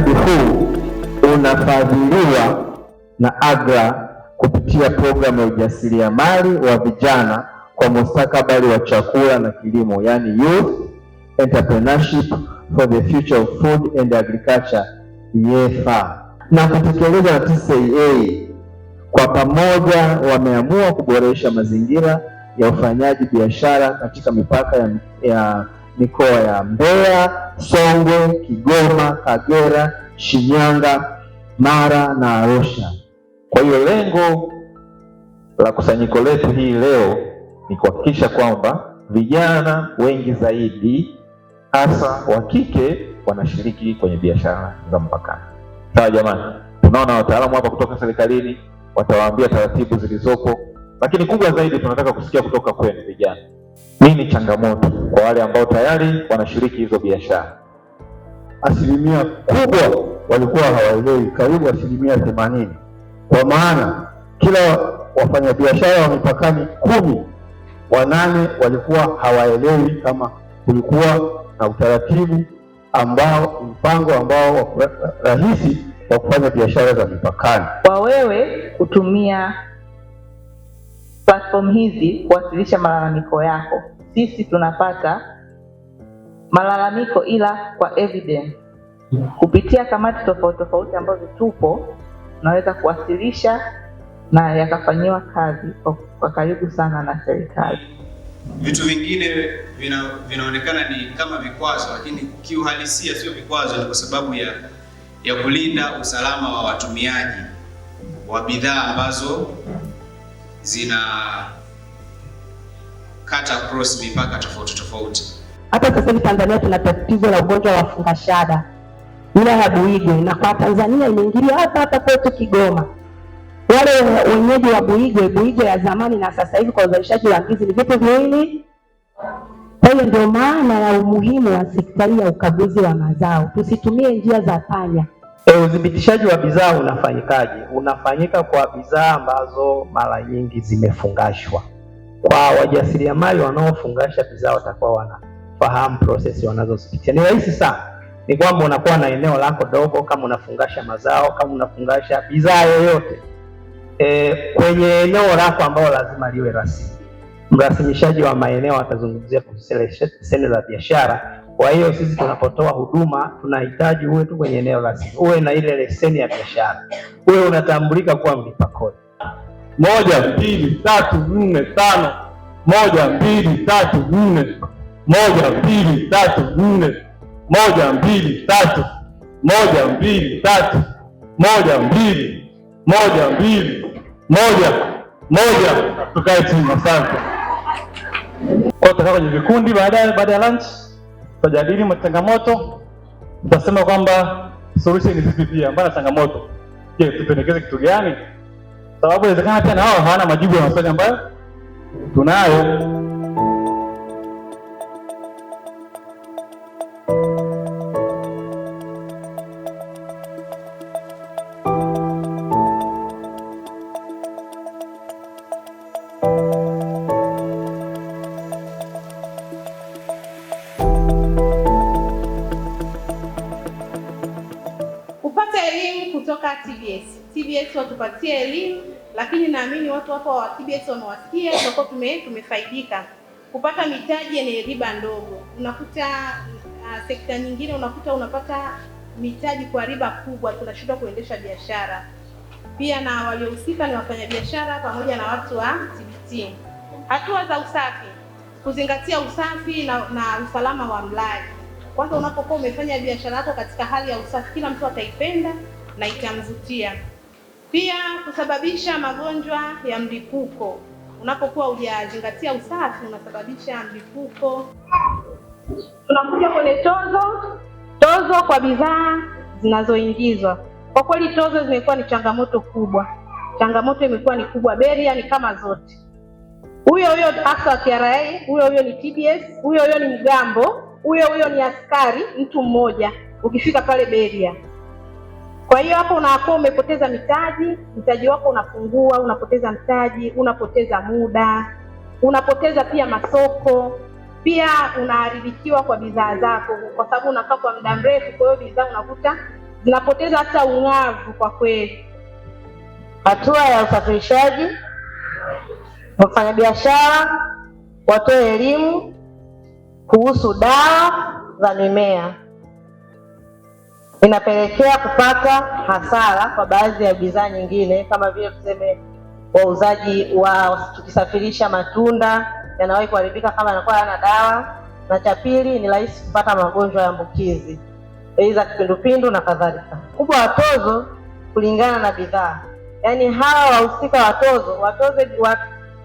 mradi huu unafadhiliwa na AGRA kupitia programu ya ujasiriamali wa vijana kwa mustakabali wa chakula na kilimo, yani Youth Entrepreneurship for the Future of Food and Agriculture YEFA, na kutekelezwa na TCCIA. Kwa pamoja wameamua kuboresha mazingira ya ufanyaji biashara katika mipaka ya, ya mikoa ya Mbeya, Songwe, Kigoma, Kagera, Shinyanga, Mara na Arusha. Kwa hiyo lengo la kusanyiko letu hii leo ni kuhakikisha kwamba vijana wengi zaidi hasa wa kike wanashiriki kwenye biashara za mpakani. Sawa jamani, tunaona wataalamu hapa kutoka serikalini watawaambia taratibu zilizopo, lakini kubwa zaidi tunataka kusikia kutoka kwenu vijana. Nini changamoto kwa wale ambao tayari wanashiriki hizo biashara? Asilimia kubwa walikuwa hawaelewi, karibu asilimia themanini, kwa maana kila wafanyabiashara wa mipakani kumi, wanane walikuwa hawaelewi kama kulikuwa na utaratibu ambao mpango ambao wa rahisi wa kufanya biashara za mipakani. Kwa wewe kutumia platform hizi kuwasilisha malalamiko yako. Sisi tunapata malalamiko ila kwa evidence. Kupitia kamati tofauti tofauti ambazo tupo, tunaweza kuwasilisha na yakafanyiwa kazi kwa karibu sana na serikali. Vitu vingine vina, vinaonekana ni kama vikwazo, lakini kiuhalisia sio vikwazo, ni kwa sababu ya ya kulinda usalama wa watumiaji wa bidhaa ambazo zina kata cross mipaka tofauti tofauti. Hata sasa hivi Tanzania tuna tatizo la ugonjwa wa fungashada wilaya ya Buigwe, na kwa Tanzania imeingilia hata hata kwetu Kigoma. Wale wenyeji wa Buigwe, Buigwe ya zamani na sasa hivi kwa uzalishaji wa ndizi ni vitu viwili. Kwa hiyo ndio maana ya umuhimu wa sekta ya ukaguzi wa mazao, tusitumie njia za panya. E, udhibitishaji wa bidhaa unafanyikaje? Unafanyika kwa bidhaa ambazo mara nyingi zimefungashwa. Kwa wajasiriamali wanaofungasha bidhaa watakuwa wanafahamu prosesi wanazozipitia. Ni rahisi sana, ni kwamba unakuwa na eneo lako dogo, kama unafungasha mazao, kama unafungasha bidhaa yoyote e, kwenye eneo lako ambalo lazima liwe rasmi. Mrasimishaji wa maeneo atazungumzia kuhusu sera za biashara kwa hiyo sisi tunapotoa huduma tunahitaji uwe tu kwenye eneo la sisi, uwe na ile leseni ya biashara, uwe unatambulika kuwa mlipa kodi. Moja mbili tatu nne tano, moja mbili tatu nne, moja mbili tatu nne, moja mbili tatu, moja mbili tatu, moja mbili, moja mbili, moja moja. Tukae chini, asante. Kwa tutakaa kwenye vikundi baadaye, baada ya lunch tutajadili changamoto, tutasema kwamba solution ni vipi pia, mbona changamoto, je, tupendekeze kitu gani? Sababu inawezekana pia na wao hawana majibu ya maswali ambayo tunayo. umetupatia elimu, lakini naamini watu hapa wa TBS wamewasikia, tutakuwa tume, tumefaidika. Kupata mitaji ni riba ndogo, unakuta uh, sekta nyingine unakuta unapata mitaji kwa riba kubwa, tunashindwa kuendesha biashara. Pia na waliohusika ni wafanyabiashara pamoja na watu wa TBT. Hatua za usafi, kuzingatia usafi na, na usalama wa mlaji. Kwanza unapokuwa umefanya biashara yako katika hali ya usafi, kila mtu ataipenda na itamvutia. Pia kusababisha magonjwa ya mlipuko. Unapokuwa hujazingatia usafi, unasababisha mlipuko. Tunakuja kwenye tozo, tozo kwa bidhaa zinazoingizwa. Kwa kweli tozo zimekuwa ni changamoto kubwa, changamoto imekuwa ni kubwa. Beria ni kama zote, huyo huyo afisa wa TRA, huyo huyo ni TBS, huyo huyo ni mgambo, huyo huyo ni askari, mtu mmoja ukifika pale beria kwa hiyo hapo unakuwa umepoteza mitaji, mtaji wako unapungua, unapoteza mtaji, unapoteza muda, unapoteza pia masoko, pia unaharibikiwa kwa bidhaa zako, kwa sababu unakaa kwa muda mrefu. Kwa hiyo bidhaa unakuta zinapoteza hata ung'avu. Kwa kweli, hatua ya usafirishaji, wafanyabiashara watoe elimu kuhusu dawa za mimea inapelekea kupata hasara kwa baadhi ya bidhaa nyingine, kama vile tuseme wauzaji wa tukisafirisha matunda yanawahi kuharibika kama yanakuwa yana dawa, na cha pili ni rahisi kupata magonjwa ya ambukizi, bei za kipindupindu na kadhalika. Kubwa wa tozo kulingana na bidhaa, yaani hawa wahusika wa tozo watoze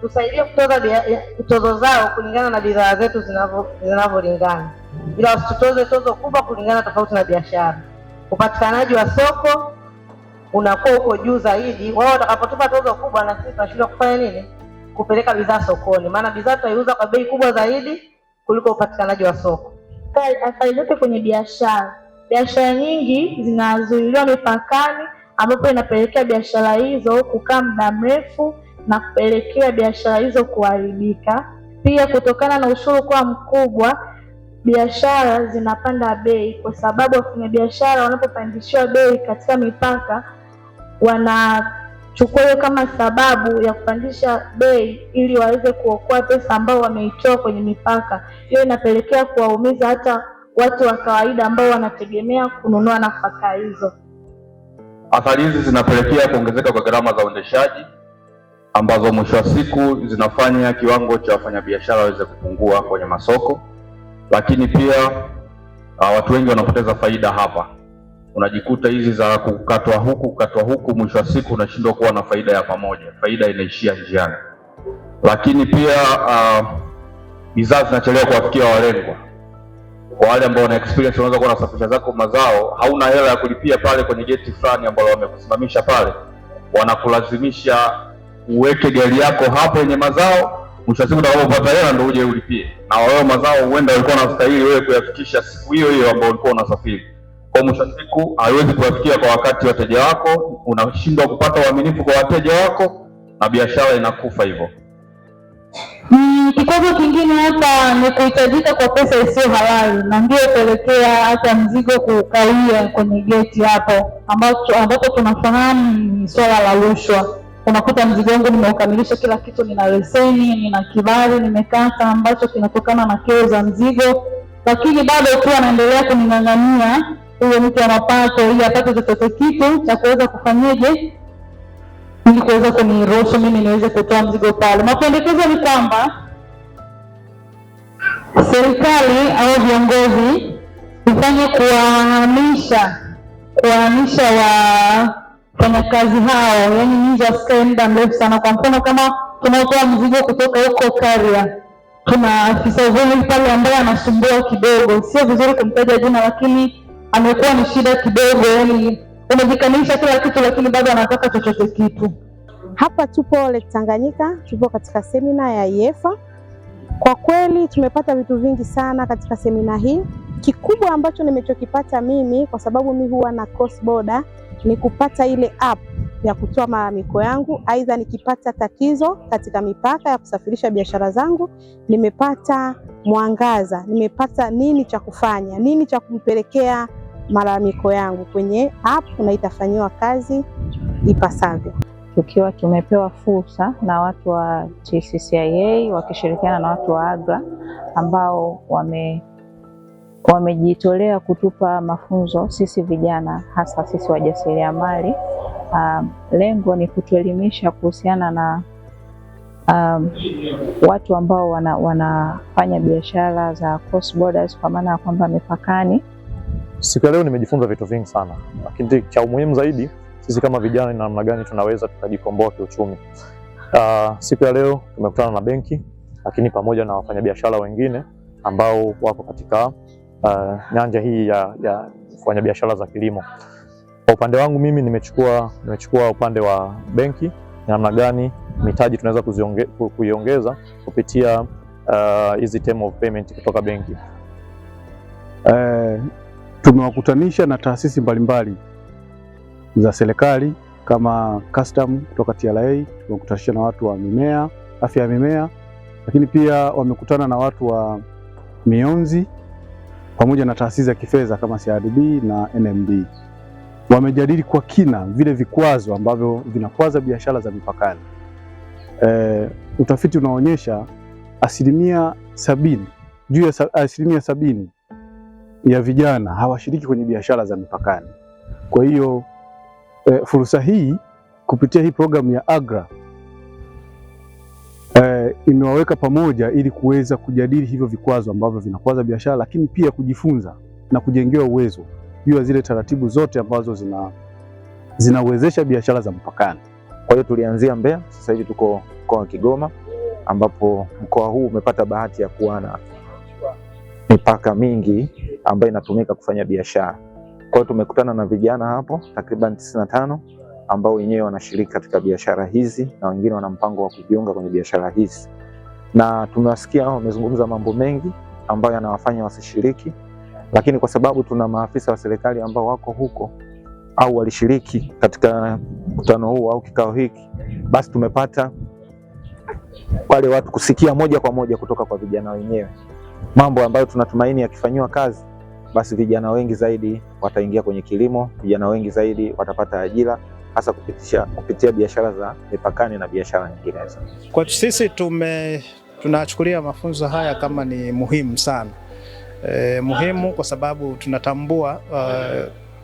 tusaidie kutoza tozo zao kulingana na bidhaa zetu zinavyolingana, ila wasitutoze tozo kubwa kulingana tofauti na biashara upatikanaji wa soko unakuwa uko juu zaidi. Wao watakapotupa tozo kubwa, na sisi tunashindwa kufanya nini? Kupeleka bidhaa sokoni, maana bidhaa tutaiuza kwa bei kubwa zaidi kuliko upatikanaji wa soko. Athari zote kwenye biashara, biashara nyingi zinazuiliwa mipakani, ambapo inapelekea biashara hizo kukaa muda mrefu na kupelekea biashara hizo kuharibika. Pia kutokana na ushuru kuwa mkubwa biashara zinapanda bei, kwa sababu wafanyabiashara wanapopandishiwa bei katika mipaka wanachukua hiyo kama sababu ya kupandisha bei ili waweze kuokoa pesa ambao wameitoa kwenye mipaka. Hiyo inapelekea kuwaumiza hata watu wa kawaida ambao wanategemea kununua nafaka hizo. Athari hizi zinapelekea kuongezeka kwa gharama za uendeshaji ambazo mwisho wa siku zinafanya kiwango cha wafanyabiashara waweze kupungua kwenye masoko lakini pia uh, watu wengi wanapoteza faida hapa. Unajikuta hizi za kukatwa huku kukatwa huku, mwisho wa siku unashindwa kuwa na faida ya pamoja, faida inaishia njiani. Lakini pia bidhaa uh, zinachelewa kuwafikia walengwa. Kwa wale ambao wana experience, unaweza kuwa nasafirisha zako mazao, hauna hela ya kulipia pale kwenye geti fulani ambalo wamekusimamisha pale, wanakulazimisha uweke gari yako hapo yenye mazao mwisho wa siku utakapopata hela ndio uje ulipie, na wao mazao huenda walikuwa wanastahili wewe kuyafikisha siku hiyo hiyo ambayo ulikuwa unasafiri. Kwa mwisho wa siku haiwezi kuyafikia kwa wakati wateja wako, unashindwa kupata uaminifu kwa wateja wako na biashara inakufa hivyo. Mm, kikwazo kingine hapa ni kuhitajika kwa pesa isiyo halali, na ndio pelekea hata mzigo kukawia kwenye geti hapo, ambapo tunafahamu ni swala la rushwa unakuta mzigo wangu nimeukamilisha, kila kitu, nina leseni, nina kibali nimekata ambacho kinatokana na kero za mzigo, lakini bado ukiwa anaendelea kuning'ang'ania huyo mtu wa mapato ili apate chochote kitu cha kuweza kufanyeje, ili kuweza kuniruhusu mimi niweze kutoa mzigo pale. Mapendekezo ni kwamba serikali au viongozi ifanye kuwahamisha kuwahamisha wa wafanyakazi hao, yani nje wasikae muda mrefu sana. Kwa mfano kama tunaotoa mzigo kutoka huko Karia, tuna afisa uvumi pale ambaye anasumbua kidogo, sio vizuri kumtaja jina, lakini amekuwa ni shida kidogo, yani umejikamilisha kila kitu, lakini bado anataka chochote kitu. Hapa tupo Lake Tanganyika, tupo katika semina ya IEFA. Kwa kweli tumepata vitu vingi sana katika semina hii. Kikubwa ambacho nimechokipata mimi, kwa sababu mi huwa na cross border ni kupata ile app ya kutoa malalamiko yangu, aidha nikipata tatizo katika mipaka ya kusafirisha biashara zangu, nimepata mwangaza, nimepata nini cha kufanya, nini cha kumpelekea malalamiko yangu kwenye app, na itafanyiwa kazi ipasavyo. Tukiwa tumepewa fursa na watu wa TCCIA wakishirikiana na watu wa AGRA ambao wame wamejitolea kutupa mafunzo sisi vijana, hasa sisi wajasiriamali. Um, lengo ni kutuelimisha kuhusiana na um, watu ambao wana, wanafanya biashara za cross borders kwa maana ya kwamba mipakani. Siku ya leo nimejifunza vitu vingi sana, lakini cha umuhimu zaidi sisi kama vijana ni namna gani tunaweza tukajikomboa kiuchumi. Uh, siku ya leo tumekutana na benki, lakini pamoja na wafanyabiashara wengine ambao wako katika uh, nyanja hii ya, ya kufanya biashara za kilimo. Kwa upande wangu mimi nimechukua nimechukua upande wa benki, namna gani mitaji tunaweza kuiongeza kupitia hizi uh, term of payment kutoka benki. Uh, tumewakutanisha na taasisi mbalimbali za serikali kama custom kutoka TRA, tumekutanisha na watu wa mimea, afya ya mimea, lakini pia wamekutana na watu wa mionzi pamoja na taasisi za kifedha kama CRDB na NMB. Wamejadili kwa kina vile vikwazo ambavyo vinakwaza biashara za mipakani. E, utafiti unaonyesha asilimia sabini juu ya asilimia sabini ya vijana hawashiriki kwenye biashara za mipakani. Kwa hiyo e, fursa hii kupitia hii programu ya AGRA Eh, imewaweka pamoja ili kuweza kujadili hivyo vikwazo ambavyo vinakwaza biashara, lakini pia kujifunza na kujengewa uwezo juu ya zile taratibu zote ambazo zina zinawezesha biashara za mpakani. Kwa hiyo tulianzia Mbeya, sasa hivi tuko mkoa wa Kigoma, ambapo mkoa huu umepata bahati ya kuwa na mipaka mingi ambayo inatumika kufanya biashara. Kwa hiyo tumekutana na vijana hapo takriban 95 ambao wenyewe wanashiriki katika biashara hizi na wengine wana mpango wa kujiunga kwenye biashara hizi, na tumewasikia hao wamezungumza mambo mengi ambayo yanawafanya wasishiriki, lakini kwa sababu tuna maafisa wa serikali ambao wako huko au walishiriki katika mkutano huu au kikao hiki, basi tumepata wale watu kusikia moja kwa moja kutoka kwa vijana wenyewe mambo ambayo tunatumaini yakifanyiwa kazi, basi vijana wengi zaidi wataingia kwenye kilimo, vijana wengi zaidi watapata ajira hasa kupitisha, kupitia biashara za mipakani na biashara nyinginezo. Kwa sisi tume tunachukulia mafunzo haya kama ni muhimu sana e, muhimu kwa sababu tunatambua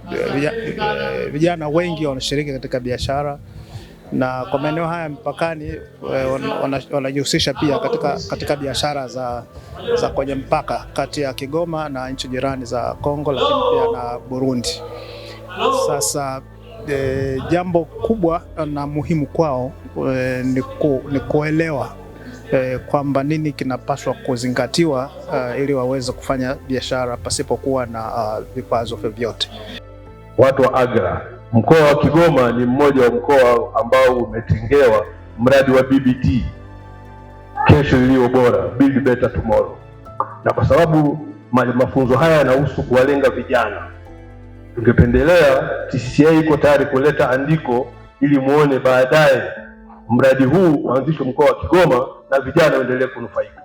uh, vijana wengi wanashiriki katika biashara na kwa maeneo haya mpakani e, wanajihusisha pia katika, katika biashara za, za kwenye mpaka kati ya Kigoma na nchi jirani za Kongo, lakini pia na Burundi. Sasa e, jambo kubwa na muhimu kwao e, ni, ku, ni kuelewa e, kwamba nini kinapaswa kuzingatiwa e, ili waweze kufanya biashara pasipokuwa na ah, vikwazo vyovyote. Watu wa AGRA mkoa wa Kigoma ni mmoja wa mkoa ambao umetengewa mradi wa BBT, kesho iliyo bora, build better tomorrow, na kwa sababu mafunzo haya yanahusu kuwalenga vijana Tungependelea TCCIA iko tayari kuleta andiko ili muone baadaye mradi huu uanzishwe mkoa wa Kigoma na vijana waendelee kunufaika.